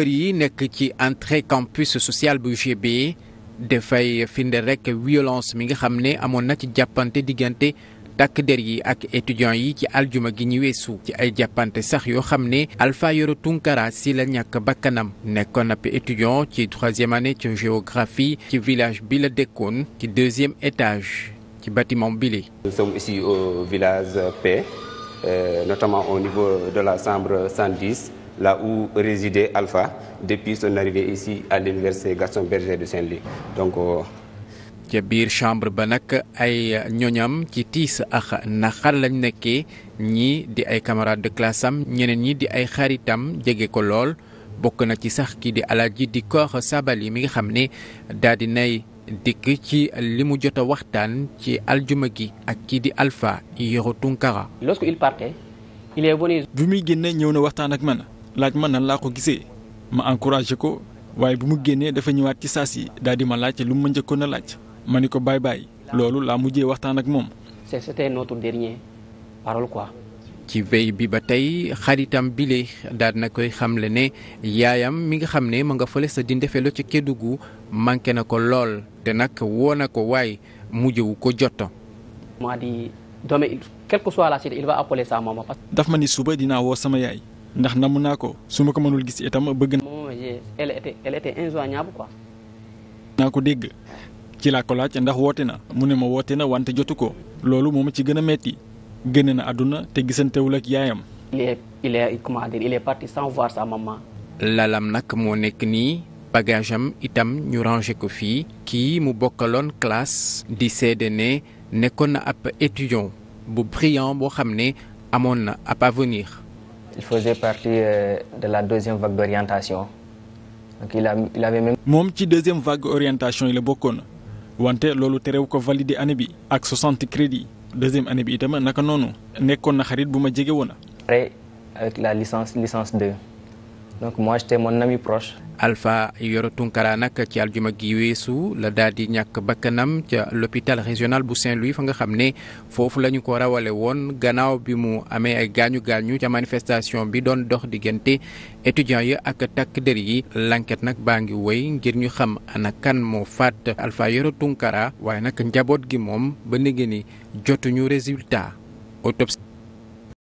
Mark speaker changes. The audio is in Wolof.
Speaker 1: sapeur yi nekk ci entrée campus sociale bu UGB dafay finde rek violence mi nga xam ne amoon na ci jàppante diggante takk der yi ak étudiants yi ci aljuma gi ñu weesu ci ay jàppante sax yoo xam ne Alpha Yoro Tunkara si la ñàkk bakkanam nekkoon ab étudiant ci troisième année ci géographie ci village bi la dëkkoon ci deuxième étage ci bâtiment bi li nous sommes au village Paix euh, notamment au niveau de la chambre 110 là où résidait Alpha depuis son arrivée ici à l'université Gaston Berger donc. Euh, ca biir chambre ba nag ay ñooñam ci tiis ak naxar lañ nekkee ñi di ay camarades de classe am ñeneen ñi di ay xaritam jege ko lool bokk na ci sax kii di ji di koox Sabali mi nga xam ne daal di nay dikk ci li mu jot waxtaan ci aljuma gi ak kii di Alpha Yoro Tunkara. bi muy génne ñëw na waxtaan ak man. laaj ma nan laa ko gisee
Speaker 2: ma encouragé ko waaye bu mu génnee dafa ñëwaat ci saas yi daal di ma laaj lu mu ma njëkkoon a laaj
Speaker 1: ma ni ko baay baay loolu laa mujjee waxtaan ak moom.
Speaker 2: c'était notre dernier
Speaker 1: parole quoi. ci veille bi ba tey xaritam bi bile daal na koy xamle ne yaayam mi nga xam ne ma nga fële sa di ndefelo ci gu manqué na ko lool te nag woo na ko waaye mujjewu ko jot.
Speaker 2: maa di doome quelle que soit la suite il va appeler sa maman. daf ma ni suba dinaa woo sama yaay. ndax namm naa ko su ma ko mënul gis itam bëgg naa. elle était elle était ko dégg ci laa ko laaj ndax woote na mu ne ma woote na wante jotu ko loolu moom ci gën a metti génne na àdduna
Speaker 1: te gisantewul ak yaayam.
Speaker 2: il est il est comment dire il est parti sans
Speaker 1: lalam nag moo nekk nii bagage am itam ñu rangé ko fii kii mu bokkaloon classe di seede ne nekkoon na ab étudiant bu brillant boo xam ne amoon na ab avenir.
Speaker 2: il faisait euh, la deuxième vague d'orientation donc il a moom ci deuxième vague orientation yi la bokkoon wante loolu terew ko valide année bi ak 60 crédit deuxième année bi itam naka noonu nekkoon na
Speaker 1: xarit bu ma jege woon. après la licence licence 2. donc moi j'étais mon ami proche. Alpha Yoro Tunkara nag ci aljuma gi weesu la daal di ñàkk bakkanam ca l'hôpital régional bu Saint-Louis fa nga xam ne foofu la ñu ko rawale woon gannaaw bi mu amee ay gaañu gaañu ca manifestation bi doon dox diggante étudiants yi ak takk der yi l'enquête nag baa ngi woy ngir ñu xam ana kan moo faat Alpha Yoro Tunkara waaye nag njaboot gi moom ba léegi ni jotuñu résultat autopsie.